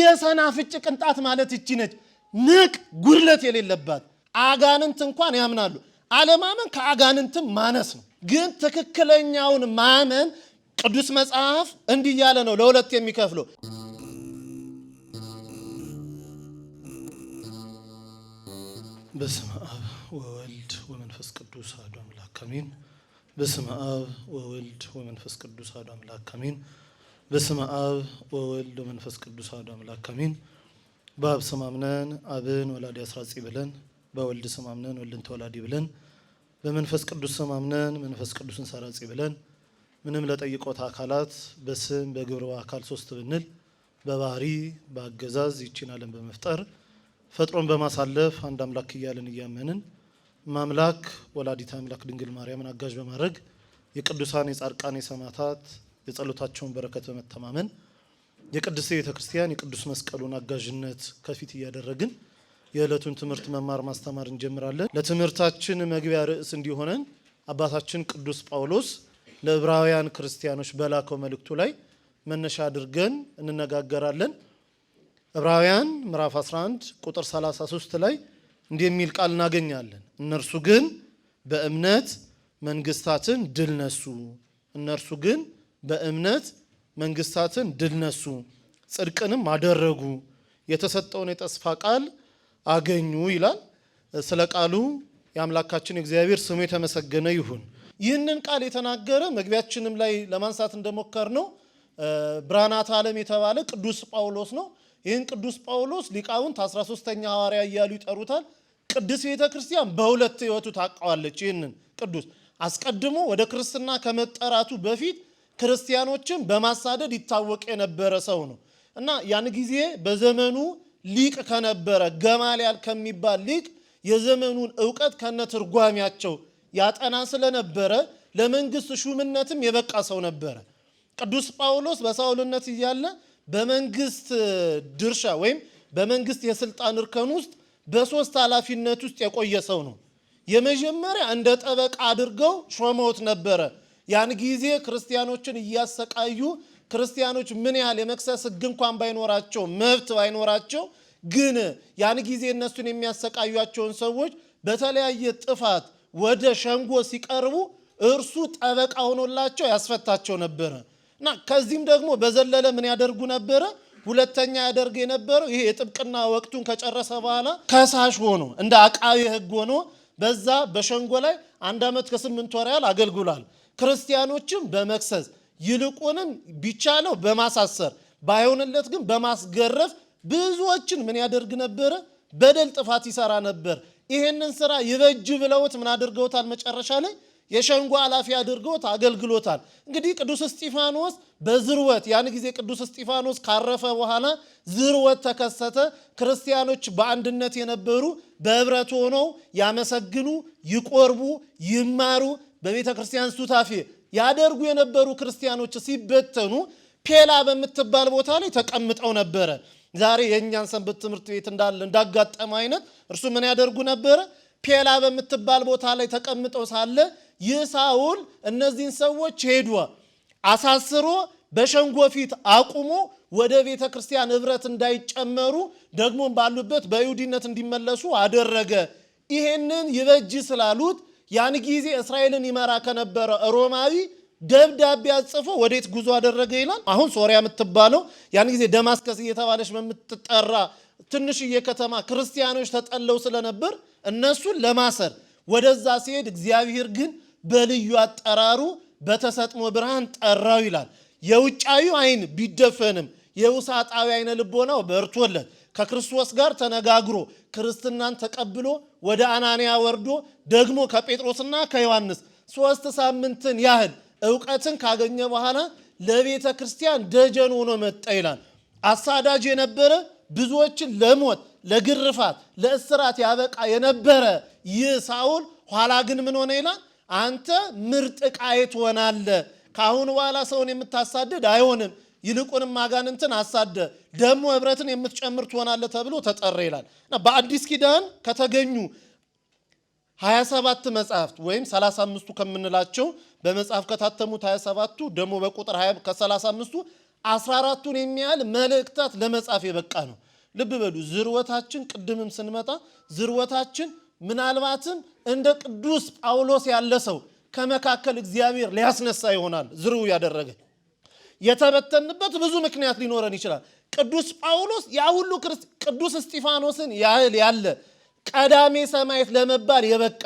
የሰናፍጭ ቅንጣት ማለት እቺ ነች። ንቅ ጉድለት የሌለባት አጋንንት እንኳን ያምናሉ። አለማመን ከአጋንንትም ማነስ ነው። ግን ትክክለኛውን ማመን ቅዱስ መጽሐፍ እንዲህ ያለ ነው ለሁለት የሚከፍለው በስመ አብ ወወልድ ወመንፈስ ቅዱስ አሐዱ አምላክ አሜን። በስመ አብ ወወልድ ወመንፈስ ቅዱስ አሐዱ አምላክ አሜን። በስመ አብ ወወልድ ወመንፈስ ቅዱስ አሐዱ አምላክ አሜን። በአብ ስም አምነን አብን ወላዲ አስራጺ ብለን በወልድ ስም አምነን ወልድን ተወላዲ ብለን በመንፈስ ቅዱስ ስም አምነን መንፈስ ቅዱስን ሰራጺ ብለን ምንም ለጠይቆት አካላት በስም በግብር አካል ሶስት ብንል በባህሪ በአገዛዝ ይቺን ዓለም በመፍጠር ፈጥሮን በማሳለፍ አንድ አምላክ እያለን እያመንን ማምላክ ወላዲተ አምላክ ድንግል ማርያምን አጋዥ በማድረግ የቅዱሳን የጻድቃን የሰማዕታት የጸሎታቸውን በረከት በመተማመን የቅድስት ቤተ ክርስቲያን የቅዱስ መስቀሉን አጋዥነት ከፊት እያደረግን የዕለቱን ትምህርት መማር ማስተማር እንጀምራለን። ለትምህርታችን መግቢያ ርዕስ እንዲሆነን አባታችን ቅዱስ ጳውሎስ ለዕብራውያን ክርስቲያኖች በላከው መልእክቱ ላይ መነሻ አድርገን እንነጋገራለን። ዕብራውያን ምዕራፍ 11 ቁጥር 33 ላይ እንዲህ የሚል ቃል እናገኛለን። እነርሱ ግን በእምነት መንግስታትን ድል ነሱ። እነርሱ ግን በእምነት መንግስታትን ድል ነሱ፣ ጽድቅንም አደረጉ፣ የተሰጠውን የተስፋ ቃል አገኙ ይላል። ስለ ቃሉ የአምላካችን እግዚአብሔር ስሙ የተመሰገነ ይሁን። ይህንን ቃል የተናገረ መግቢያችንም ላይ ለማንሳት እንደሞከር ነው ብርሃናት ዓለም የተባለ ቅዱስ ጳውሎስ ነው። ይህን ቅዱስ ጳውሎስ ሊቃውንት 13ተኛ ሐዋርያ እያሉ ይጠሩታል። ቅዱስ ቤተ ክርስቲያን በሁለት ህይወቱ ታውቀዋለች። ይህንን ቅዱስ አስቀድሞ ወደ ክርስትና ከመጠራቱ በፊት ክርስቲያኖችን በማሳደድ ይታወቅ የነበረ ሰው ነው እና ያን ጊዜ በዘመኑ ሊቅ ከነበረ ገማልያል ከሚባል ሊቅ የዘመኑን እውቀት ከነ ትርጓሚያቸው ያጠና ስለነበረ ለመንግስት ሹምነትም የበቃ ሰው ነበረ። ቅዱስ ጳውሎስ በሳውልነት እያለ በመንግስት ድርሻ ወይም በመንግስት የስልጣን እርከን ውስጥ በሶስት ኃላፊነት ውስጥ የቆየ ሰው ነው። የመጀመሪያ እንደ ጠበቃ አድርገው ሾመውት ነበረ ያን ጊዜ ክርስቲያኖችን እያሰቃዩ ክርስቲያኖች ምን ያህል የመክሰስ ህግ እንኳን ባይኖራቸው መብት ባይኖራቸው ግን ያን ጊዜ እነሱን የሚያሰቃዩቸውን ሰዎች በተለያየ ጥፋት ወደ ሸንጎ ሲቀርቡ እርሱ ጠበቃ ሆኖላቸው ያስፈታቸው ነበረ እና ከዚህም ደግሞ በዘለለ ምን ያደርጉ ነበረ? ሁለተኛ ያደርግ የነበረው ይሄ የጥብቅና ወቅቱን ከጨረሰ በኋላ ከሳሽ ሆኖ እንደ አቃቤ ህግ ሆኖ በዛ በሸንጎ ላይ አንድ ዓመት ከስምንት ወር ያህል አገልግሏል። ክርስቲያኖችን በመክሰስ ይልቁንም ቢቻለው በማሳሰር ባይሆንለት ግን በማስገረፍ ብዙዎችን ምን ያደርግ ነበረ? በደል ጥፋት ይሰራ ነበር። ይህንን ስራ ይበጅ ብለውት ምን አድርገውታል? መጨረሻ ላይ የሸንጎ ኃላፊ አድርገውት አገልግሎታል። እንግዲህ ቅዱስ እስጢፋኖስ በዝርወት ያን ጊዜ ቅዱስ እስጢፋኖስ ካረፈ በኋላ ዝርወት ተከሰተ። ክርስቲያኖች በአንድነት የነበሩ በህብረት ሆነው ያመሰግኑ፣ ይቆርቡ፣ ይማሩ በቤተ ክርስቲያን ሱታፌ ያደርጉ የነበሩ ክርስቲያኖች ሲበተኑ ፔላ በምትባል ቦታ ላይ ተቀምጠው ነበረ። ዛሬ የእኛን ሰንበት ትምህርት ቤት እንዳለ እንዳጋጠመ አይነት እርሱ ምን ያደርጉ ነበረ? ፔላ በምትባል ቦታ ላይ ተቀምጠው ሳለ ይህ ሳውል እነዚህን ሰዎች ሄዷ አሳስሮ በሸንጎ ፊት አቁሞ ወደ ቤተ ክርስቲያን ኅብረት እንዳይጨመሩ ደግሞም ባሉበት በይሁዲነት እንዲመለሱ አደረገ። ይሄንን ይበጅ ስላሉት ያን ጊዜ እስራኤልን ይመራ ከነበረ ሮማዊ ደብዳቤ አጽፎ ወዴት ጉዞ አደረገ ይላል። አሁን ሶሪያ የምትባለው ያን ጊዜ ደማስከስ እየተባለች በምትጠራ ትንሽዬ ከተማ ክርስቲያኖች ተጠለው ስለነበር እነሱን ለማሰር ወደዛ ሲሄድ እግዚአብሔር ግን በልዩ አጠራሩ በተሰጥሞ ብርሃን ጠራው ይላል። የውጫዊው አይን ቢደፈንም የውሳጣዊ አይነ ልቦናው በርቶለት ከክርስቶስ ጋር ተነጋግሮ ክርስትናን ተቀብሎ ወደ አናንያ ወርዶ ደግሞ ከጴጥሮስና ከዮሐንስ ሶስት ሳምንትን ያህል እውቀትን ካገኘ በኋላ ለቤተ ክርስቲያን ደጀን ሆኖ መጣ ይላል። አሳዳጅ የነበረ ብዙዎችን ለሞት ለግርፋት፣ ለእስራት ያበቃ የነበረ ይህ ሳውል ኋላ ግን ምን ሆነ ይላል። አንተ ምርጥ ዕቃዬ ትሆናለህ። ከአሁን በኋላ ሰውን የምታሳድድ አይሆንም ይልቁንም አጋንንትን አሳደ ደግሞ ህብረትን የምትጨምር ትሆናለ ተብሎ ተጠራ ይላል እና በአዲስ ኪዳን ከተገኙ 27 መጽሐፍት ወይም 35ቱ ከምንላቸው በመጽሐፍ ከታተሙት 27ቱ ደግሞ በቁጥር ከ35ቱ 14ቱን የሚያህል መልእክታት ለመጻፍ የበቃ ነው። ልብ በሉ ዝርወታችን፣ ቅድምም ስንመጣ ዝርወታችን ምናልባትም እንደ ቅዱስ ጳውሎስ ያለ ሰው ከመካከል እግዚአብሔር ሊያስነሳ ይሆናል ዝርው ያደረገ የተበተንበት ብዙ ምክንያት ሊኖረን ይችላል። ቅዱስ ጳውሎስ ያ ሁሉ ቅዱስ እስጢፋኖስን ያህል ያለ ቀዳሜ ሰማዕት ለመባል የበቃ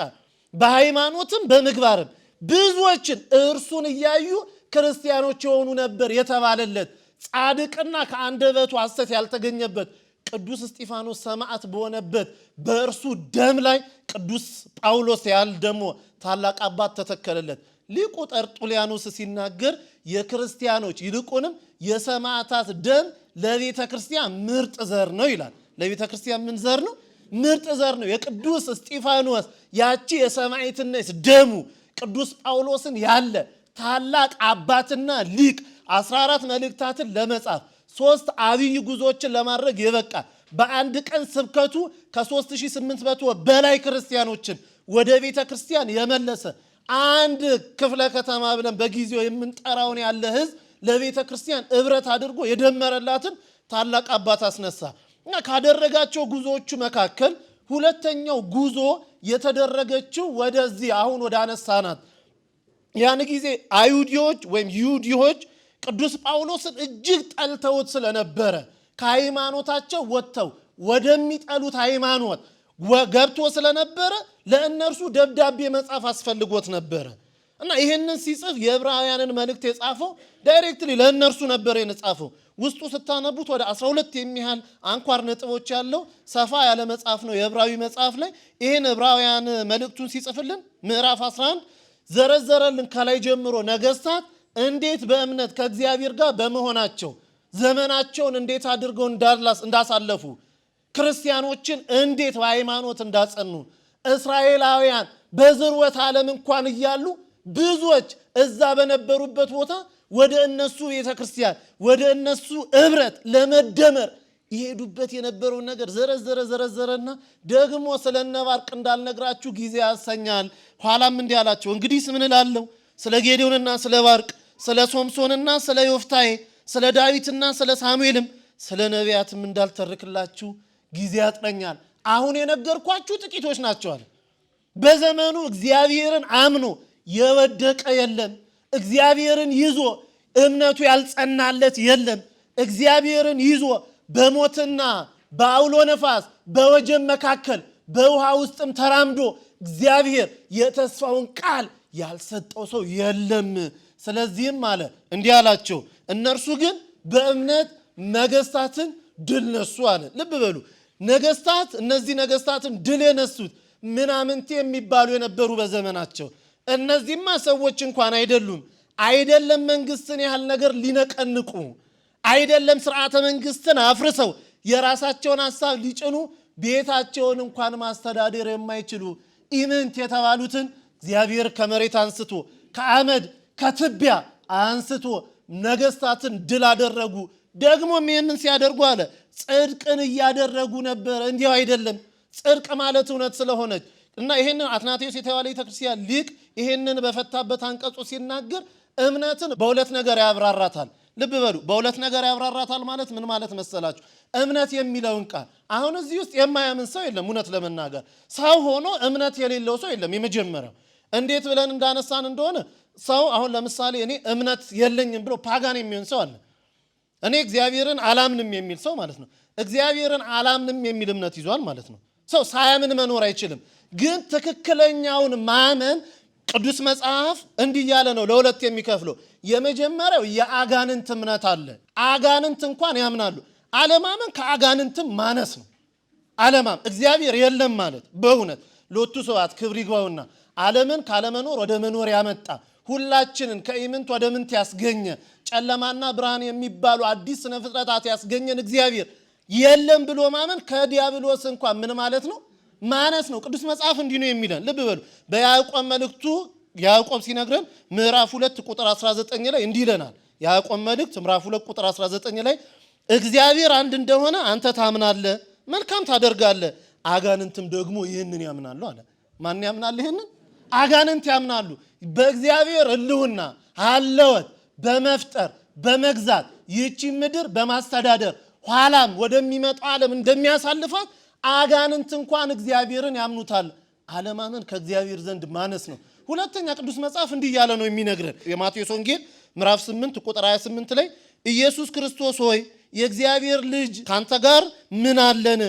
በሃይማኖትም በምግባርም ብዙዎችን እርሱን እያዩ ክርስቲያኖች የሆኑ ነበር የተባለለት ጻድቅና ከአንደበቱ ሐሰት ያልተገኘበት ቅዱስ እስጢፋኖስ ሰማዕት በሆነበት በእርሱ ደም ላይ ቅዱስ ጳውሎስ ያህል ደግሞ ታላቅ አባት ተተከለለት። ሊቁ ጠርጡሊያኖስ ሲናገር የክርስቲያኖች ይልቁንም የሰማዕታት ደም ለቤተ ክርስቲያን ምርጥ ዘር ነው ይላል። ለቤተ ክርስቲያን ምን ዘር ነው? ምርጥ ዘር ነው። የቅዱስ እስጢፋኖስ ያቺ የሰማዕትነት ደሙ ቅዱስ ጳውሎስን ያለ ታላቅ አባትና ሊቅ 14 መልእክታትን ለመጻፍ ሶስት አብይ ጉዞዎችን ለማድረግ የበቃ በአንድ ቀን ስብከቱ ከ3800 በላይ ክርስቲያኖችን ወደ ቤተ ክርስቲያን የመለሰ አንድ ክፍለ ከተማ ብለን በጊዜው የምንጠራውን ያለ ህዝብ ለቤተ ክርስቲያን እብረት አድርጎ የደመረላትን ታላቅ አባት አስነሳ እና ካደረጋቸው ጉዞዎቹ መካከል ሁለተኛው ጉዞ የተደረገችው ወደዚህ አሁን ወደ አነሳናት ያን ጊዜ አይሁዲዎች ወይም ይሁዲዎች ቅዱስ ጳውሎስን እጅግ ጠልተውት ስለነበረ ከሃይማኖታቸው ወጥተው ወደሚጠሉት ሃይማኖት ገብቶ ስለነበረ ለእነርሱ ደብዳቤ መጻፍ አስፈልጎት ነበረ እና ይህንን ሲጽፍ የዕብራውያንን መልእክት የጻፈው ዳይሬክትሊ ለእነርሱ ነበረ የነጻፈው። ውስጡ ስታነቡት ወደ 12 የሚያህል አንኳር ነጥቦች ያለው ሰፋ ያለ መጽሐፍ ነው። የዕብራዊ መጽሐፍ ላይ ይህን ዕብራውያን መልእክቱን ሲጽፍልን ምዕራፍ 11 ዘረዘረልን ከላይ ጀምሮ ነገስታት እንዴት በእምነት ከእግዚአብሔር ጋር በመሆናቸው ዘመናቸውን እንዴት አድርገው እንዳሳለፉ ክርስቲያኖችን እንዴት በሃይማኖት እንዳጸኑ እስራኤላውያን በዝርወት ዓለም እንኳን እያሉ ብዙዎች እዛ በነበሩበት ቦታ ወደ እነሱ ቤተ ክርስቲያን ወደ እነሱ እብረት ለመደመር ይሄዱበት የነበረውን ነገር ዘረዘረ ዘረዘረና ደግሞ ስለ ነባርቅ እንዳልነግራችሁ ጊዜ ያሰኛል። ኋላም እንዲህ አላቸው፣ እንግዲህስ ምን እላለሁ ስለ ጌዴዎንና ስለ ባርቅ፣ ስለ ሶምሶንና ስለ ዮፍታሔ፣ ስለ ዳዊትና ስለ ሳሙኤልም ስለ ነቢያትም እንዳልተርክላችሁ ጊዜ ያጥረኛል። አሁን የነገርኳችሁ ጥቂቶች ናቸው በዘመኑ እግዚአብሔርን አምኖ የወደቀ የለም። እግዚአብሔርን ይዞ እምነቱ ያልጸናለት የለም። እግዚአብሔርን ይዞ በሞትና በአውሎ ነፋስ በወጀብ መካከል በውሃ ውስጥም ተራምዶ እግዚአብሔር የተስፋውን ቃል ያልሰጠው ሰው የለም። ስለዚህም አለ እንዲህ አላቸው፣ እነርሱ ግን በእምነት መገስታትን ድል ነሡ አለ። ልብ በሉ ነገስታት እነዚህ ነገስታትን ድል የነሱት ምናምንት የሚባሉ የነበሩ በዘመናቸው እነዚህማ ሰዎች እንኳን አይደሉም። አይደለም መንግስትን ያህል ነገር ሊነቀንቁ አይደለም ስርዓተ መንግስትን አፍርሰው የራሳቸውን ሀሳብ ሊጭኑ ቤታቸውን እንኳን ማስተዳደር የማይችሉ ኢምንት የተባሉትን እግዚአብሔር ከመሬት አንስቶ ከአመድ ከትቢያ አንስቶ ነገስታትን ድል አደረጉ። ደግሞም ይህንን ሲያደርጉ አለ ጽድቅን እያደረጉ ነበር። እንዲያው አይደለም። ጽድቅ ማለት እውነት ስለሆነች እና ይሄንን አትናቴዎስ የተባለ ቤተክርስቲያን ሊቅ ይሄንን በፈታበት አንቀጹ ሲናገር እምነትን በሁለት ነገር ያብራራታል። ልብ በሉ፣ በሁለት ነገር ያብራራታል ማለት ምን ማለት መሰላችሁ? እምነት የሚለውን ቃል አሁን እዚህ ውስጥ የማያምን ሰው የለም። እውነት ለመናገር ሰው ሆኖ እምነት የሌለው ሰው የለም። የመጀመሪያው እንዴት ብለን እንዳነሳን እንደሆነ ሰው አሁን ለምሳሌ እኔ እምነት የለኝም ብሎ ፓጋን የሚሆን ሰው አለ። እኔ እግዚአብሔርን አላምንም የሚል ሰው ማለት ነው እግዚአብሔርን አላምንም የሚል እምነት ይዟል ማለት ነው። ሰው ሳያምን መኖር አይችልም። ግን ትክክለኛውን ማመን ቅዱስ መጽሐፍ እንዲህ ነው ለሁለት የሚከፍለው። የመጀመሪያው የአጋንንት እምነት አለ። አጋንንት እንኳን ያምናሉ። አለማመን ከአጋንንትም ማነስ ነው። አለማም እግዚአብሔር የለም ማለት በእውነት ሎቱ ስብሐት ክብር ይግባውና ዓለምን ካለመኖር ወደ መኖር ያመጣ ሁላችንን ከኢምንት ወደ ምንት ያስገኘ ጨለማና ብርሃን የሚባሉ አዲስ ስነ ፍጥረታት ያስገኘን እግዚአብሔር የለም ብሎ ማመን ከዲያብሎስ እንኳን ምን ማለት ነው ማነስ ነው። ቅዱስ መጽሐፍ እንዲህ ነው የሚለን። ልብ በሉ በያዕቆብ መልእክቱ ያዕቆብ ሲነግረን ምዕራፍ 2 ቁጥር 19 ላይ እንዲህ ይለናል። ያዕቆብ መልእክት ምዕራፍ 2 ቁጥር 19 ላይ እግዚአብሔር አንድ እንደሆነ አንተ ታምናለህ፣ መልካም ታደርጋለህ፣ አጋንንትም ደግሞ ይህንን ያምናሉ አለ። ማን ያምናል? ይህንን አጋንንት ያምናሉ። በእግዚአብሔር እልውና አለወት በመፍጠር በመግዛት ይህቺ ምድር በማስተዳደር ኋላም ወደሚመጣው ዓለም እንደሚያሳልፋት አጋንንት እንኳን እግዚአብሔርን ያምኑታል። አለማመን ከእግዚአብሔር ዘንድ ማነስ ነው። ሁለተኛ ቅዱስ መጽሐፍ እንዲህ እያለ ነው የሚነግረን የማቴዎስ ወንጌል ምዕራፍ 8 ቁጥር 28 ላይ ኢየሱስ ክርስቶስ ሆይ የእግዚአብሔር ልጅ ካንተ ጋር ምን አለን?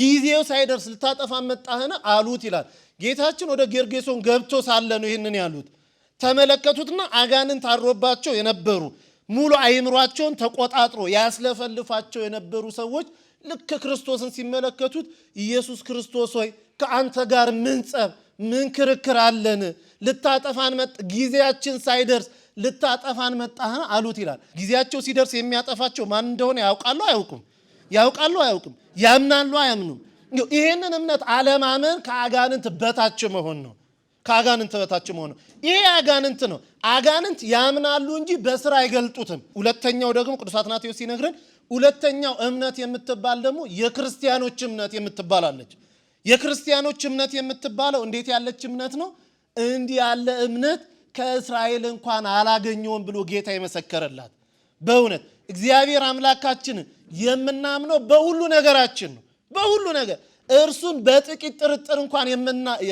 ጊዜው ሳይደርስ ልታጠፋ መጣህን? አሉት ይላል። ጌታችን ወደ ጌርጌሶን ገብቶ ሳለ ነው ይህንን ያሉት። ተመለከቱትና አጋንንት አድሮባቸው የነበሩ ሙሉ አይምሯቸውን ተቆጣጥሮ ያስለፈልፋቸው የነበሩ ሰዎች ልክ ክርስቶስን ሲመለከቱት ኢየሱስ ክርስቶስ ሆይ ከአንተ ጋር ምን ጸብ፣ ምን ክርክር አለን? ልታጠፋን መጥ ጊዜያችን ሳይደርስ ልታጠፋን መጣህ አሉት ይላል። ጊዜያቸው ሲደርስ የሚያጠፋቸው ማን እንደሆነ ያውቃሉ አያውቁም? ያውቃሉ አያውቁም? ያምናሉ አያምኑም? ይህንን እምነት አለማመን ከአጋንንት በታች መሆን ነው። ከአጋንንት በታች መሆን ነው። ይሄ አጋንንት ነው። አጋንንት ያምናሉ እንጂ በስራ አይገልጡትም። ሁለተኛው ደግሞ ቅዱስ አትናቴዎስ ሲነግረን፣ ሁለተኛው እምነት የምትባል ደግሞ የክርስቲያኖች እምነት የምትባላለች። የክርስቲያኖች እምነት የምትባለው እንዴት ያለች እምነት ነው? እንዲህ ያለ እምነት ከእስራኤል እንኳን አላገኘውም ብሎ ጌታ የመሰከረላት በእውነት እግዚአብሔር አምላካችን የምናምነው በሁሉ ነገራችን ነው። በሁሉ ነገር እርሱን በጥቂት ጥርጥር እንኳን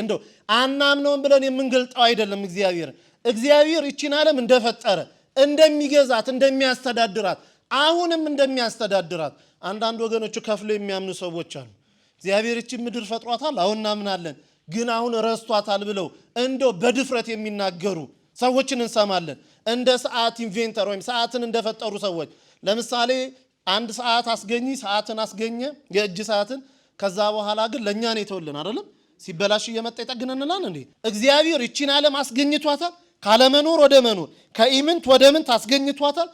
እንደው አናምነውም ብለን የምንገልጠው አይደለም። እግዚአብሔር እግዚአብሔር ይቺን ዓለም እንደፈጠረ እንደሚገዛት፣ እንደሚያስተዳድራት አሁንም እንደሚያስተዳድራት አንዳንድ ወገኖቹ ከፍሎ የሚያምኑ ሰዎች አሉ። እግዚአብሔር ይቺን ምድር ፈጥሯታል፣ አሁን እናምናለን፣ ግን አሁን ረስቷታል ብለው እንደው በድፍረት የሚናገሩ ሰዎችን እንሰማለን። እንደ ሰዓት ኢንቬንተር ወይም ሰዓትን እንደፈጠሩ ሰዎች ለምሳሌ አንድ ሰዓት አስገኝ ሰዓትን አስገኘ የእጅ ሰዓትን። ከዛ በኋላ ግን ለእኛ ነው የተወልን አይደለም ሲበላሽ እየመጣ ይጠግነንላል እንዴ? እግዚአብሔር ይቺን ዓለም አስገኝቷታል። ካለመኖር ወደ መኖር ከኢምንት ወደ ምንት አስገኝቷታል።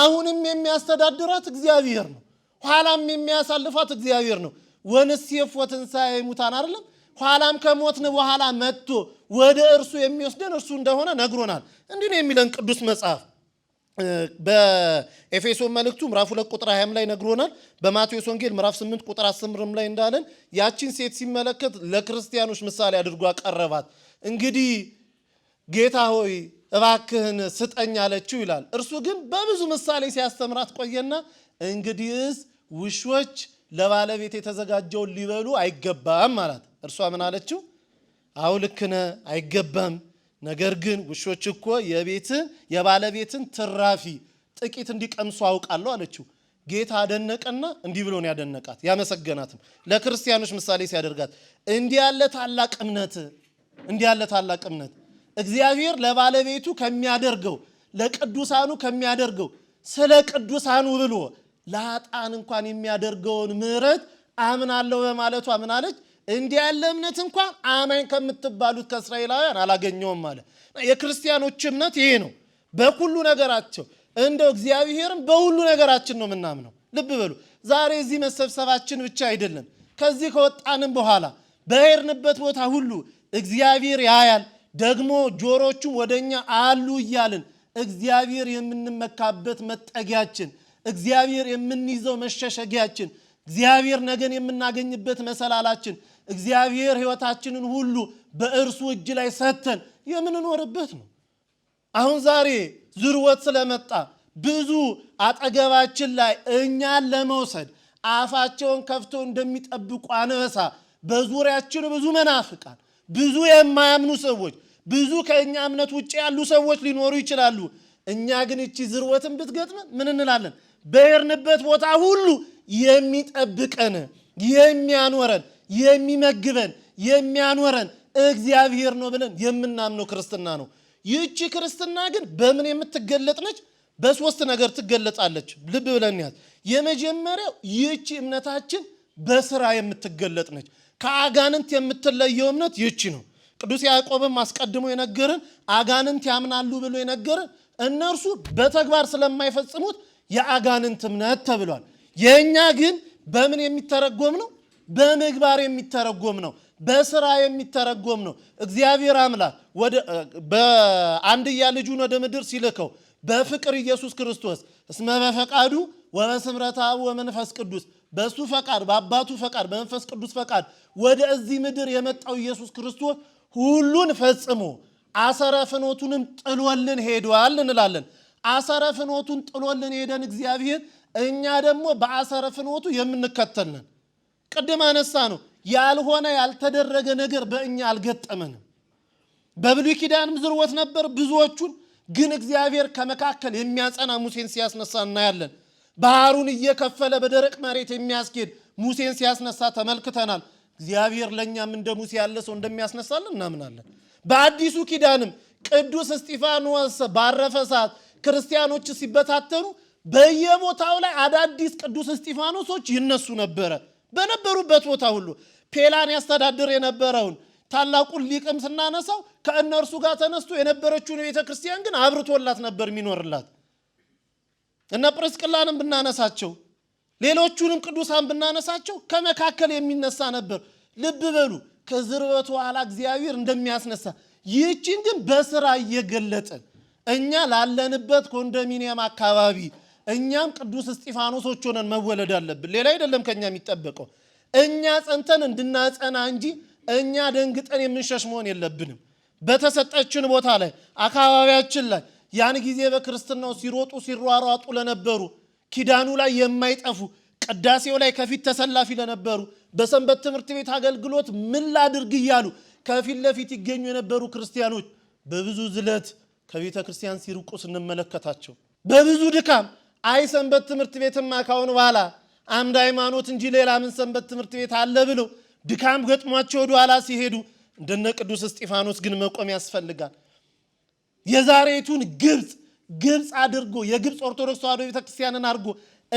አሁንም የሚያስተዳድራት እግዚአብሔር ነው። ኋላም የሚያሳልፋት እግዚአብሔር ነው። ወንሴፎ ትንሣኤ ሙታን አይደለም። ኋላም ከሞትን በኋላ መጥቶ ወደ እርሱ የሚወስደን እርሱ እንደሆነ ነግሮናል። እንዲህ ነው የሚለን ቅዱስ መጽሐፍ። በኤፌሶን መልእክቱ ምዕራፍ 2 ቁጥር 20 ላይ ነግሮናል። በማቴዎስ ወንጌል ምዕራፍ 8 ቁጥር 10 ላይ እንዳለን ያችን ሴት ሲመለከት ለክርስቲያኖች ምሳሌ አድርጎ አቀረባት። እንግዲህ ጌታ ሆይ እባክህን ስጠኝ አለችው ይላል። እርሱ ግን በብዙ ምሳሌ ሲያስተምራት ቆየና እንግዲህስ ውሾች ለባለቤት የተዘጋጀውን ሊበሉ አይገባም አላት። እርሷ ምን አለችው? አው ልክነ አይገባም ነገር ግን ውሾች እኮ የቤትን የባለቤትን ትራፊ ጥቂት እንዲቀምሱ አውቃለሁ አለችው። ጌታ አደነቀና እንዲህ ብሎን ያደነቃት ያመሰገናትም። ለክርስቲያኖች ምሳሌ ሲያደርጋት እንዲህ ያለ ታላቅ እምነት እንዲህ ያለ ታላቅ እምነት እግዚአብሔር ለባለቤቱ ከሚያደርገው ለቅዱሳኑ ከሚያደርገው ስለ ቅዱሳኑ ብሎ ለአጣን እንኳን የሚያደርገውን ምሕረት አምናለሁ በማለቷ አለች? እንዲህ ያለ እምነት እንኳን አማኝ ከምትባሉት ከእስራኤላውያን አላገኘውም ማለት የክርስቲያኖች እምነት ይሄ ነው። በሁሉ ነገራቸው እንደው እግዚአብሔርን በሁሉ ነገራችን ነው የምናምነው። ልብ በሉ። ዛሬ እዚህ መሰብሰባችን ብቻ አይደለም። ከዚህ ከወጣንም በኋላ በሄድንበት ቦታ ሁሉ እግዚአብሔር ያያል። ደግሞ ጆሮቹም ወደኛ አሉ እያልን እግዚአብሔር የምንመካበት መጠጊያችን፣ እግዚአብሔር የምንይዘው መሸሸጊያችን፣ እግዚአብሔር ነገን የምናገኝበት መሰላላችን እግዚአብሔር ሕይወታችንን ሁሉ በእርሱ እጅ ላይ ሰተን የምንኖርበት ነው። አሁን ዛሬ ዝርወት ስለመጣ ብዙ አጠገባችን ላይ እኛን ለመውሰድ አፋቸውን ከፍተው እንደሚጠብቁ አነበሳ በዙሪያችን ብዙ መናፍቃን፣ ብዙ የማያምኑ ሰዎች፣ ብዙ ከእኛ እምነት ውጭ ያሉ ሰዎች ሊኖሩ ይችላሉ። እኛ ግን እቺ ዝርወትን ብትገጥመን ምን እንላለን? በሄርንበት ቦታ ሁሉ የሚጠብቀን የሚያኖረን የሚመግበን የሚያኖረን እግዚአብሔር ነው ብለን የምናምነው ክርስትና ነው። ይህቺ ክርስትና ግን በምን የምትገለጥ ነች? በሶስት ነገር ትገለጻለች። ልብ ብለን ያዝ። የመጀመሪያው ይህቺ እምነታችን በስራ የምትገለጥ ነች። ከአጋንንት የምትለየው እምነት ይህቺ ነው። ቅዱስ ያዕቆብም አስቀድሞ የነገርን አጋንንት ያምናሉ ብሎ የነገርን እነርሱ በተግባር ስለማይፈጽሙት የአጋንንት እምነት ተብሏል። የእኛ ግን በምን የሚተረጎም ነው? በምግባር የሚተረጎም ነው። በስራ የሚተረጎም ነው። እግዚአብሔር አምላክ ወደ በአንድያ ልጁን ወደ ምድር ሲልከው በፍቅር ኢየሱስ ክርስቶስ እስመ በፈቃዱ ወበስምረተ አብ ወመንፈስ ቅዱስ በሱ ፈቃድ በአባቱ ፈቃድ በመንፈስ ቅዱስ ፈቃድ ወደ እዚህ ምድር የመጣው ኢየሱስ ክርስቶስ ሁሉን ፈጽሞ አሰረ ፍኖቱንም ጥሎልን ሄዷል እንላለን። አሰረ ፍኖቱን ጥሎልን ሄደን እግዚአብሔር እኛ ደግሞ በአሰረ ፍኖቱ የምንከተልን ቅድም አነሳ ነው ያልሆነ ያልተደረገ ነገር በእኛ አልገጠመንም። በብሉይ ኪዳንም ዝርወት ነበር ብዙዎቹን ግን እግዚአብሔር ከመካከል የሚያጸና ሙሴን ሲያስነሳ እናያለን። ባህሩን እየከፈለ በደረቅ መሬት የሚያስኬድ ሙሴን ሲያስነሳ ተመልክተናል። እግዚአብሔር ለእኛም እንደ ሙሴ ያለ ሰው እንደሚያስነሳልን እናምናለን። በአዲሱ ኪዳንም ቅዱስ እስጢፋኖስ ባረፈ ሰዓት ክርስቲያኖች ሲበታተኑ በየቦታው ላይ አዳዲስ ቅዱስ እስጢፋኖሶች ይነሱ ነበረ። በነበሩበት ቦታ ሁሉ ፔላን ያስተዳድር የነበረውን ታላቁን ሊቅም ስናነሳው ከእነርሱ ጋር ተነስቶ የነበረችውን ቤተ ክርስቲያን ግን አብርቶላት ነበር የሚኖርላት። እነ ጵርስቅላንም ብናነሳቸው ሌሎቹንም ቅዱሳን ብናነሳቸው ከመካከል የሚነሳ ነበር። ልብ በሉ ከዝርበቱ ኋላ እግዚአብሔር እንደሚያስነሳ ይህችን ግን በስራ እየገለጠ እኛ ላለንበት ኮንዶሚኒየም አካባቢ እኛም ቅዱስ እስጢፋኖሶች ሆነን መወለድ አለብን። ሌላ አይደለም ከኛ የሚጠበቀው። እኛ ጸንተን እንድናጸና እንጂ እኛ ደንግጠን የምንሸሽ መሆን የለብንም። በተሰጠችን ቦታ ላይ አካባቢያችን ላይ ያን ጊዜ በክርስትናው ሲሮጡ ሲሯሯጡ ለነበሩ ኪዳኑ ላይ የማይጠፉ ቅዳሴው ላይ ከፊት ተሰላፊ ለነበሩ በሰንበት ትምህርት ቤት አገልግሎት ምን ላድርግ እያሉ ከፊት ለፊት ይገኙ የነበሩ ክርስቲያኖች በብዙ ዝለት ከቤተ ክርስቲያን ሲርቁ ስንመለከታቸው በብዙ ድካም አይ ሰንበት ትምህርት ቤትማ ካሁን በኋላ አምድ ሃይማኖት እንጂ ሌላ ምን ሰንበት ትምህርት ቤት አለ ብለው ድካም ገጥሟቸው ወደ ኋላ ሲሄዱ እንደነ ቅዱስ እስጢፋኖስ ግን መቆም ያስፈልጋል። የዛሬቱን ግብፅ ግብፅ አድርጎ የግብፅ ኦርቶዶክስ ተዋህዶ ቤተክርስቲያንን አድርጎ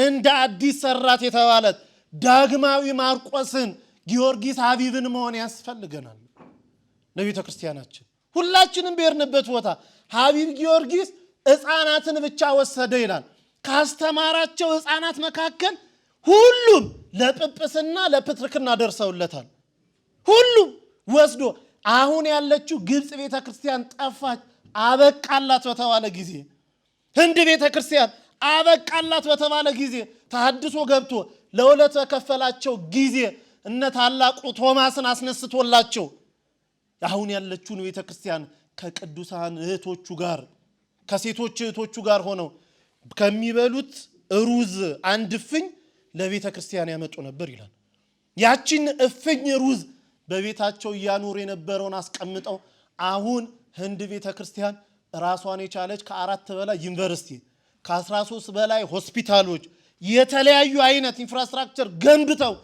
እንደ አዲስ ሰራት የተባለት ዳግማዊ ማርቆስን ጊዮርጊስ ሀቢብን መሆን ያስፈልገናል። ለቤተ ክርስቲያናችን ሁላችንም በሄድንበት ቦታ ሀቢብ ጊዮርጊስ ሕፃናትን ብቻ ወሰደ ይላል። ካስተማራቸው ህፃናት መካከል ሁሉም ለጵጵስና ለፕትርክና ደርሰውለታል። ሁሉም ወስዶ አሁን ያለችው ግብፅ ቤተ ክርስቲያን ጠፋች አበቃላት በተባለ ጊዜ ህንድ ቤተ ክርስቲያን አበቃላት በተባለ ጊዜ ተሐድሶ ገብቶ ለሁለት በከፈላቸው ጊዜ እነ ታላቁ ቶማስን አስነስቶላቸው አሁን ያለችውን ቤተ ክርስቲያን ከቅዱሳን እህቶቹ ጋር ከሴቶች እህቶቹ ጋር ሆነው ከሚበሉት ሩዝ አንድ እፍኝ ለቤተ ክርስቲያን ያመጡ ነበር ይላል። ያችን እፍኝ ሩዝ በቤታቸው እያኖሩ የነበረውን አስቀምጠው አሁን ህንድ ቤተ ክርስቲያን ራሷን የቻለች ከአራት በላይ ዩኒቨርሲቲ ከ13 በላይ ሆስፒታሎች የተለያዩ አይነት ኢንፍራስትራክቸር ገንብተው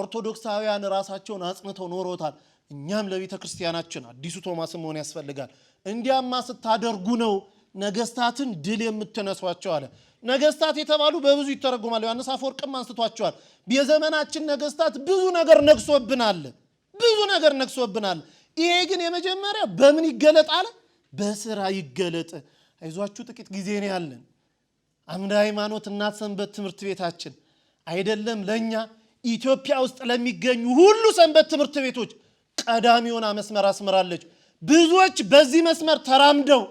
ኦርቶዶክሳውያን ራሳቸውን አጽንተው ኖሮታል። እኛም ለቤተ ክርስቲያናችን አዲሱ ቶማስ መሆን ያስፈልጋል። እንዲያማ ስታደርጉ ነው ነገስታትን ድል የምትነሷቸው አለ። ነገስታት የተባሉ በብዙ ይተረጎማል። ዮሐንስ አፈወርቅም አንስቷቸዋል። የዘመናችን ነገስታት ብዙ ነገር ነግሶብናል፣ ብዙ ነገር ነግሶብናል። ይሄ ግን የመጀመሪያ በምን ይገለጥ አለ? በስራ ይገለጥ። አይዟችሁ ጥቂት ጊዜ ነው ያለን። አምደ ሃይማኖት እናት ሰንበት ትምህርት ቤታችን አይደለም ለእኛ ኢትዮጵያ ውስጥ ለሚገኙ ሁሉ ሰንበት ትምህርት ቤቶች ቀዳሚውን መስመር አስምራለች ብዙዎች በዚህ መስመር ተራምደው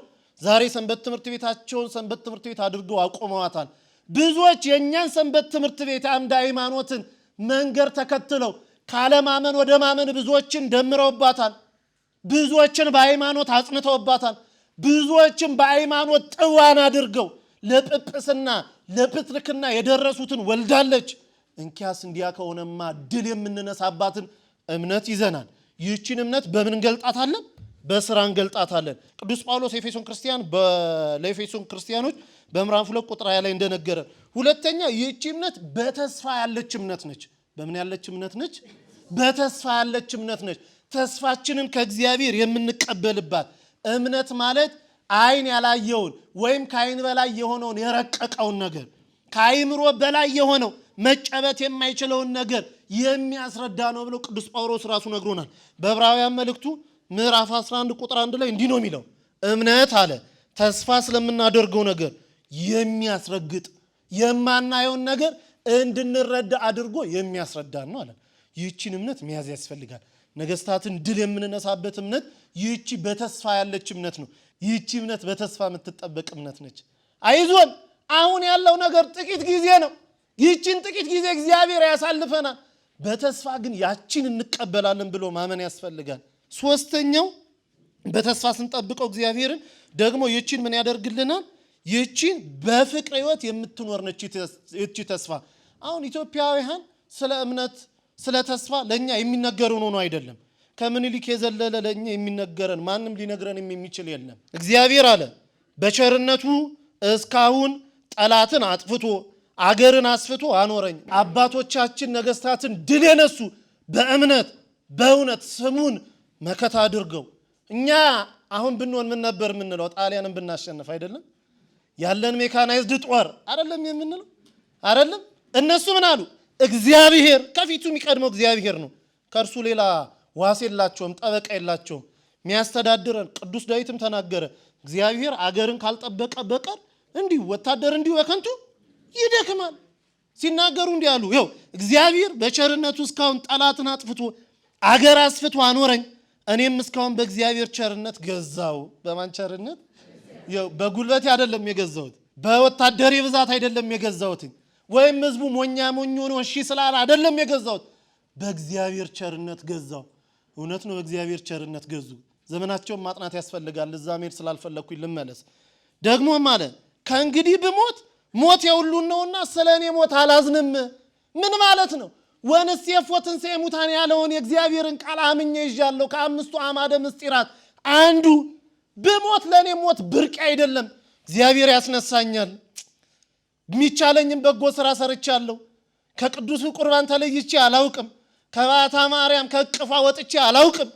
ዛሬ ሰንበት ትምህርት ቤታቸውን ሰንበት ትምህርት ቤት አድርገው አቁመዋታል። ብዙዎች የእኛን ሰንበት ትምህርት ቤት አምደ ሃይማኖትን መንገድ ተከትለው ካለማመን ወደ ማመን ብዙዎችን ደምረውባታል። ብዙዎችን በሃይማኖት አጽንተውባታል። ብዙዎችን በሃይማኖት ጥዋን አድርገው ለጵጵስና ለፕትርክና የደረሱትን ወልዳለች። እንኪያስ እንዲያ ከሆነማ ድል የምንነሳባትን እምነት ይዘናል። ይህችን እምነት በምን እንገልጣታለን? በስራ እንገልጣታለን። ቅዱስ ጳውሎስ ኤፌሶን ክርስቲያን ለኤፌሶን ክርስቲያኖች በምዕራፍ ሁለት ቁጥር ላይ እንደነገረ ሁለተኛ ይህቺ እምነት በተስፋ ያለች እምነት ነች። በምን ያለች እምነት ነች? በተስፋ ያለች እምነት ነች። ተስፋችንን ከእግዚአብሔር የምንቀበልባት እምነት ማለት አይን ያላየውን ወይም ከአይን በላይ የሆነውን የረቀቀውን ነገር ከአይምሮ በላይ የሆነው መጨበት የማይችለውን ነገር የሚያስረዳ ነው ብሎ ቅዱስ ጳውሎስ ራሱ ነግሮናል በዕብራውያን መልእክቱ ምዕራፍ 11 ቁጥር 1 ላይ እንዲህ ነው የሚለው እምነት አለ ተስፋ ስለምናደርገው ነገር የሚያስረግጥ የማናየውን ነገር እንድንረዳ አድርጎ የሚያስረዳን ነው አለ። ይህችን እምነት መያዝ ያስፈልጋል። ነገስታትን ድል የምንነሳበት እምነት ይህቺ በተስፋ ያለች እምነት ነው። ይህቺ እምነት በተስፋ የምትጠበቅ እምነት ነች። አይዞን፣ አሁን ያለው ነገር ጥቂት ጊዜ ነው። ይህችን ጥቂት ጊዜ እግዚአብሔር ያሳልፈናል። በተስፋ ግን ያችን እንቀበላለን ብሎ ማመን ያስፈልጋል። ሶስተኛው በተስፋ ስንጠብቀው እግዚአብሔርን ደግሞ ይቺን ምን ያደርግልናል? ይቺን በፍቅር ህይወት የምትኖር ነች ተስፋ። አሁን ኢትዮጵያውያን ስለ እምነት ስለ ተስፋ ለእኛ የሚነገሩን ሆኖ አይደለም። ከምኒልክ የዘለለ ለእኛ የሚነገረን ማንም ሊነግረን የሚችል የለም። እግዚአብሔር አለ በቸርነቱ እስካሁን ጠላትን አጥፍቶ አገርን አስፍቶ አኖረኝ። አባቶቻችን ነገስታትን ድል የነሱ በእምነት በእውነት ስሙን መከታ አድርገው እኛ አሁን ብንሆን ምን ነበር የምንለው? ጣሊያንን ብናሸንፍ አይደለም ያለን ሜካናይዝድ ጦር አይደለም የምንለው አይደለም። እነሱ ምን አሉ? እግዚአብሔር ከፊቱ የሚቀድመው እግዚአብሔር ነው። ከእርሱ ሌላ ዋስ የላቸውም፣ ጠበቃ የላቸውም። የሚያስተዳድረን ቅዱስ ዳዊትም ተናገረ፣ እግዚአብሔር አገርን ካልጠበቀ በቀር እንዲሁ ወታደር እንዲሁ በከንቱ ይደክማል። ሲናገሩ እንዲህ አሉ፣ ይኸው እግዚአብሔር በቸርነቱ እስካሁን ጠላትን አጥፍቶ አገር አስፍቶ አኖረኝ እኔም እስካሁን በእግዚአብሔር ቸርነት ገዛው። በማን ቸርነት? በጉልበቴ አይደለም የገዛሁት፣ በወታደሬ ብዛት አይደለም የገዛሁት፣ ወይም ህዝቡ ሞኛ ሞኝ ሆኖ እሺ ስላለ አይደለም የገዛሁት። በእግዚአብሔር ቸርነት ገዛው። እውነት ነው፣ በእግዚአብሔር ቸርነት ገዙ። ዘመናቸውን ማጥናት ያስፈልጋል። እዛ መሄድ ስላልፈለግኩኝ ልመለስ። ደግሞም አለ ከእንግዲህ ብሞት ሞት የሁሉን ነውና ስለ እኔ ሞት አላዝንም። ምን ማለት ነው? ወንሴፎ ትንሣኤ ሙታን ያለውን የእግዚአብሔርን ቃል አምኜ ይዣለሁ። ከአምስቱ አማደ ምስጢራት አንዱ ብሞት ለእኔ ሞት ብርቅ አይደለም፣ እግዚአብሔር ያስነሳኛል። የሚቻለኝም በጎ ስራ ሰርቻለሁ። ከቅዱሱ ቁርባን ተለይቼ አላውቅም። ከባታ ማርያም ከቅፋ ወጥቼ አላውቅም።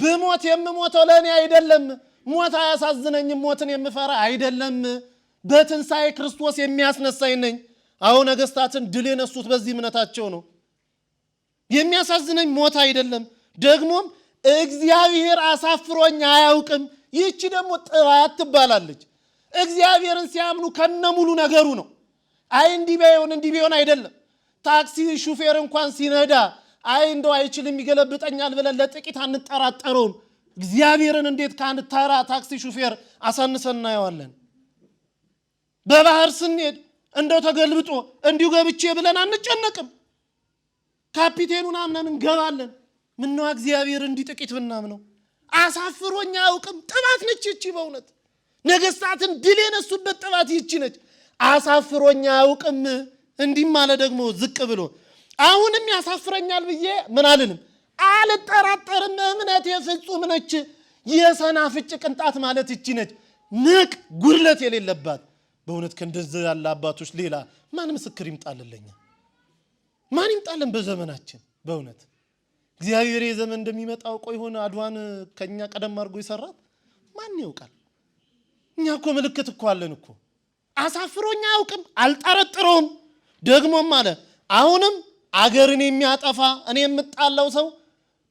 ብሞት የምሞተው ለእኔ አይደለም። ሞት አያሳዝነኝም። ሞትን የምፈራ አይደለም። በትንሣኤ ክርስቶስ የሚያስነሳኝ ነኝ። አሁን ነገሥታትን ድል የነሱት በዚህ እምነታቸው ነው። የሚያሳዝነኝ ሞት አይደለም፣ ደግሞም እግዚአብሔር አሳፍሮኝ አያውቅም። ይቺ ደግሞ ጥባት ትባላለች። እግዚአብሔርን ሲያምኑ ከነ ሙሉ ነገሩ ነው። አይ እንዲህ ቢሆን እንዲህ ቢሆን አይደለም። ታክሲ ሹፌር እንኳን ሲነዳ አይ እንደው አይችልም ይገለብጠኛል ብለን ለጥቂት አንጠራጠረውም። እግዚአብሔርን እንዴት ከአንድ ተራ ታክሲ ሹፌር አሳንሰን እናየዋለን? በባህር ስንሄድ እንደው ተገልብጦ እንዲሁ ገብቼ ብለን አንጨነቅም። ካፒቴኑን አምነን እንገባለን። ምነዋ እግዚአብሔር እንዲህ ጥቂት ብናምነው። አሳፍሮኛ አውቅም። ጥባት ነች ይቺ በእውነት ነገስታትን ድል የነሱበት ጥባት ይቺ ነች። አሳፍሮኛ አውቅም። እንዲህም አለ ደግሞ ዝቅ ብሎ አሁንም ያሳፍረኛል ብዬ ምን አልልም አልጠራጠርም። እምነት የፍጹም ነች። የሰናፍጭ ቅንጣት ማለት ይቺ ነች። ንቅ ጉድለት የሌለባት በእውነት ከእንደዚህ ያለ አባቶች ሌላ ማን ምስክር ይምጣልለኛል? ማን ይምጣለን በዘመናችን በእውነት እግዚአብሔር የዘመን እንደሚመጣ አውቆ የሆነ አድዋን ከኛ ቀደም አድርጎ ይሰራት ማን ያውቃል? እኛ እኮ ምልክት እኮ አለን እኮ አሳፍሮኝ አያውቅም፣ አልጠረጥረውም። ደግሞም አለ አሁንም አገርን የሚያጠፋ እኔ የምጣለው ሰው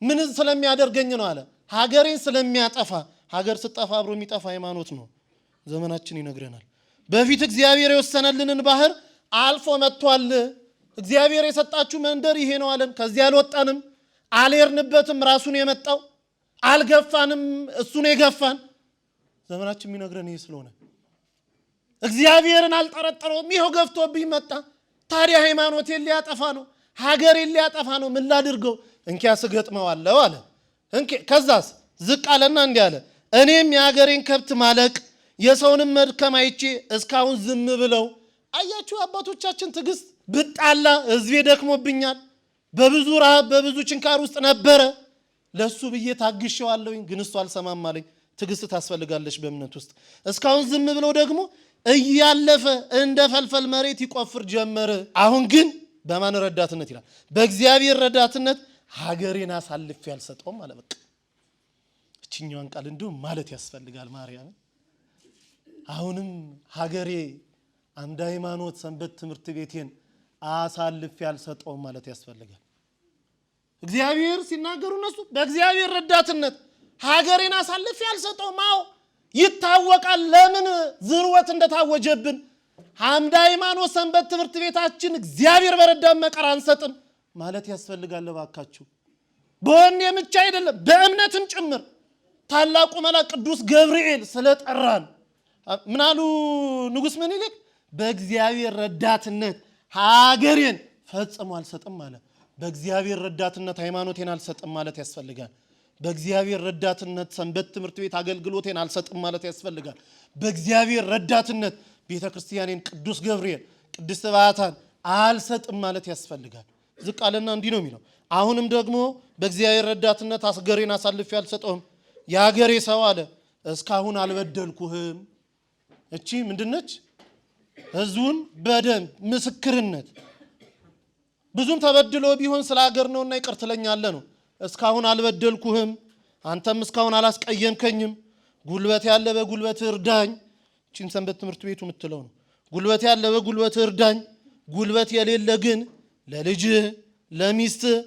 ምን ስለሚያደርገኝ ነው አለ ሀገሬን ስለሚያጠፋ። ሀገር ስጠፋ አብሮ የሚጠፋ ሃይማኖት ነው። ዘመናችን ይነግረናል። በፊት እግዚአብሔር የወሰነልንን ባህር አልፎ መጥቷል። እግዚአብሔር የሰጣችሁ መንደር ይሄ ነው አለን። ከዚህ አልወጣንም፣ አልሄድንበትም። ራሱን የመጣው አልገፋንም፣ እሱን የገፋን ዘመናችን የሚነግረን ይህ ስለሆነ እግዚአብሔርን አልጠረጠረውም። ይኸው ገፍቶብኝ መጣ። ታዲያ ሃይማኖቴን ሊያጠፋ ነው፣ ሀገሬን ሊያጠፋ ነው። ምን ላድርገው? እንኪያስ እገጥመዋለሁ አለ። ከዛስ ዝቅ አለና እንዲህ አለ፣ እኔም የሀገሬን ከብት ማለቅ የሰውንም መድከም አይቼ እስካሁን ዝም ብለው አያችሁ አባቶቻችን ትዕግስት ብጣላ ህዝቤ ደክሞብኛል። በብዙ ረሃብ በብዙ ችንካር ውስጥ ነበረ። ለሱ ብዬ ታግሸዋለሁኝ፣ ግን እሱ አልሰማም አለኝ። ትዕግስት ታስፈልጋለች በእምነት ውስጥ። እስካሁን ዝም ብለው ደግሞ እያለፈ እንደ ፈልፈል መሬት ይቆፍር ጀመረ። አሁን ግን በማን ረዳትነት ይላል? በእግዚአብሔር ረዳትነት ሀገሬን አሳልፌ አልሰጠውም አለ። በቃ እችኛዋን ቃል እንዲሁም ማለት ያስፈልጋል። ማርያም አሁንም ሀገሬ አምደ ሃይማኖት ሰንበት ትምህርት ቤቴን አሳልፌ አልሰጠውም ማለት ያስፈልጋል። እግዚአብሔር ሲናገሩ እነሱ በእግዚአብሔር ረዳትነት ሀገሬን አሳልፌ አልሰጠውም። አዎ ይታወቃል፣ ለምን ዝርወት እንደታወጀብን አምደ ሃይማኖት ሰንበት ትምህርት ቤታችን እግዚአብሔር በረዳን መቀር አንሰጥም ማለት ያስፈልጋል። እባካችሁ በወኔ ምቻ አይደለም በእምነትም ጭምር ታላቁ መልአክ ቅዱስ ገብርኤል ስለጠራን ምናሉ ንጉሥ ምኒልክ በእግዚአብሔር ረዳትነት ሀገሬን ፈጽሞ አልሰጥም አለ። በእግዚአብሔር ረዳትነት ሃይማኖቴን አልሰጥም ማለት ያስፈልጋል። በእግዚአብሔር ረዳትነት ሰንበት ትምህርት ቤት አገልግሎቴን አልሰጥም ማለት ያስፈልጋል። በእግዚአብሔር ረዳትነት ቤተ ክርስቲያኔን፣ ቅዱስ ገብርኤል፣ ቅድስት ባታን አልሰጥም ማለት ያስፈልጋል። ዝቅ አለና እንዲህ ነው የሚለው። አሁንም ደግሞ በእግዚአብሔር ረዳትነት አስገሬን አሳልፌ አልሰጠውም። የአገሬ ሰው አለ እስካሁን አልበደልኩህም። እቺ ምንድነች? ህዝቡን በደንብ ምስክርነት ብዙም ተበድሎ ቢሆን ስለ ሀገር ነውና ይቅር ትለኛለህ ነው። እስካሁን አልበደልኩህም፣ አንተም እስካሁን አላስቀየምከኝም። ጉልበት ያለ በጉልበት እርዳኝ። ቺን ሰንበት ትምህርት ቤቱ የምትለው ነው። ጉልበት ያለ በጉልበት እርዳኝ፣ ጉልበት የሌለ ግን ለልጅህ ለሚስትህ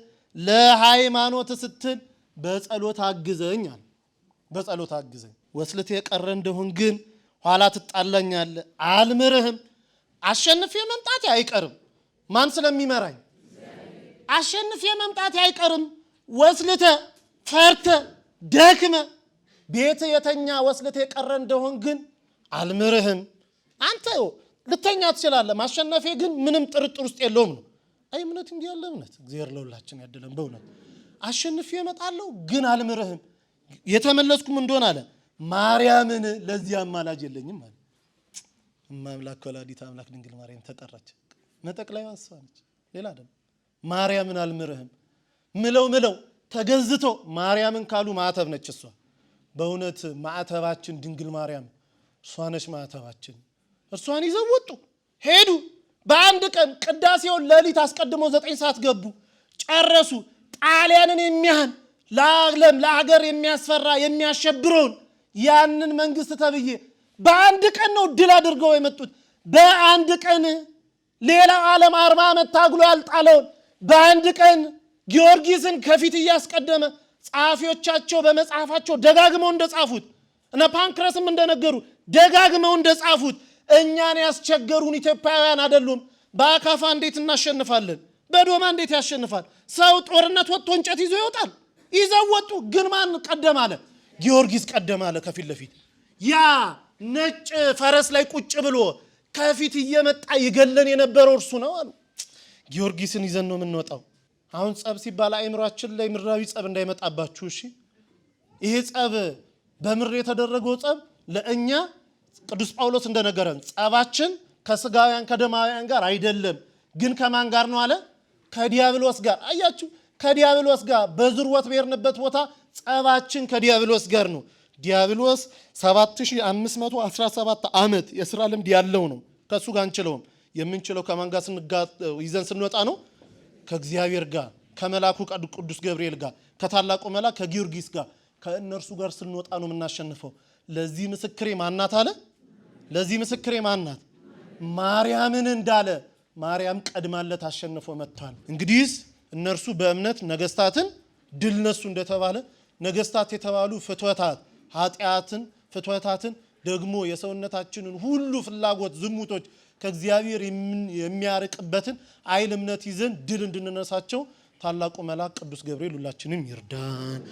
ለሃይማኖት ስትል በጸሎት አግዘኝ አለ። በጸሎት አግዘኝ ወስልት የቀረ እንደሆን ግን ኋላ ትጣለኛለህ፣ አልምርህም። አሸንፌ መምጣት አይቀርም። ማን ስለሚመራኝ አሸንፌ መምጣት አይቀርም። ወስልተ ፈርተ ደክመ ቤት የተኛ ወስልተ የቀረ እንደሆን ግን አልምርህም። አንተ ልተኛ ትችላለ ማሸነፌ ግን ምንም ጥርጥር ውስጥ የለውም ነው። አይ እምነት እንዲህ ያለ እምነት እግዚአብሔር ለሁላችን ያደለን። በእውነት አሸንፌ እመጣለሁ ግን አልምርህም። የተመለስኩም እንደሆን አለ ማርያምን ለዚህ አማላጅ የለኝም አለ። እማምላክ ወላዲት አምላክ ድንግል ማርያም ተጠራች። መጠቅላይ ላይ ነች፣ ሌላ አይደለም። ማርያምን አልምርህም ምለው ምለው ተገዝቶ ማርያምን ካሉ ማዕተብ ነች እሷ። በእውነት ማዕተባችን ድንግል ማርያም እሷ ነች ማዕተባችን። እርሷን ይዘው ወጡ ሄዱ። በአንድ ቀን ቅዳሴውን ሌሊት አስቀድመው ዘጠኝ ሰዓት ገቡ፣ ጨረሱ። ጣሊያንን የሚያህል ለዓለም ለአገር የሚያስፈራ የሚያሸብረውን ያንን መንግስት ተብዬ በአንድ ቀን ነው ድል አድርገው የመጡት። በአንድ ቀን ሌላ ዓለም አርባ ዓመት ታግሎ ያልጣለውን በአንድ ቀን ጊዮርጊስን ከፊት እያስቀደመ ጸሐፊዎቻቸው በመጽሐፋቸው ደጋግመው እንደጻፉት እነ ፓንክረስም እንደነገሩ ደጋግመው እንደጻፉት እኛን ያስቸገሩን ኢትዮጵያውያን አይደሉም። በአካፋ እንዴት እናሸንፋለን? በዶማ እንዴት ያሸንፋል? ሰው ጦርነት ወጥቶ እንጨት ይዞ ይወጣል። ይዘው ወጡ፣ ግን ማን ቀደም አለ? ጊዮርጊስ ቀደም አለ ከፊት ለፊት ያ ነጭ ፈረስ ላይ ቁጭ ብሎ ከፊት እየመጣ ይገለን የነበረው እርሱ ነው አሉ። ጊዮርጊስን ይዘን ነው የምንወጣው። አሁን ጸብ ሲባል አእምሯችን ላይ ምድራዊ ጸብ እንዳይመጣባችሁ እሺ። ይሄ ጸብ በምድር የተደረገው ጸብ ለእኛ ቅዱስ ጳውሎስ እንደነገረን ጸባችን ከስጋውያን ከደማውያን ጋር አይደለም፣ ግን ከማን ጋር ነው አለ? ከዲያብሎስ ጋር አያችሁ። ከዲያብሎስ ጋር በዝርወት በሄድንበት ቦታ ጸባችን ከዲያብሎስ ጋር ነው። ዲያብሎስ 7517 ዓመት የስራ ልምድ ያለው ነው። ከእሱ ጋር አንችለውም። የምንችለው ከማን ጋር ይዘን ስንወጣ ነው? ከእግዚአብሔር ጋር ከመላኩ ቅዱስ ገብርኤል ጋር ከታላቁ መላ ከጊዮርጊስ ጋር ከእነርሱ ጋር ስንወጣ ነው የምናሸንፈው። ለዚህ ምስክሬ ማናት አለ። ለዚህ ምስክሬ ማናት? ማርያምን እንዳለ ማርያም ቀድማለት አሸንፎ መጥቷል። እንግዲህ እነርሱ በእምነት ነገስታትን ድል ነሱ እንደተባለ ነገስታት የተባሉ ፍትወታት ኃጢአትን ፍትወታትን ደግሞ የሰውነታችንን ሁሉ ፍላጎት፣ ዝሙቶች ከእግዚአብሔር የሚያርቅበትን አይል እምነት ይዘን ድል እንድንነሳቸው ታላቁ መልአክ ቅዱስ ገብርኤል ሁላችንም ይርዳን።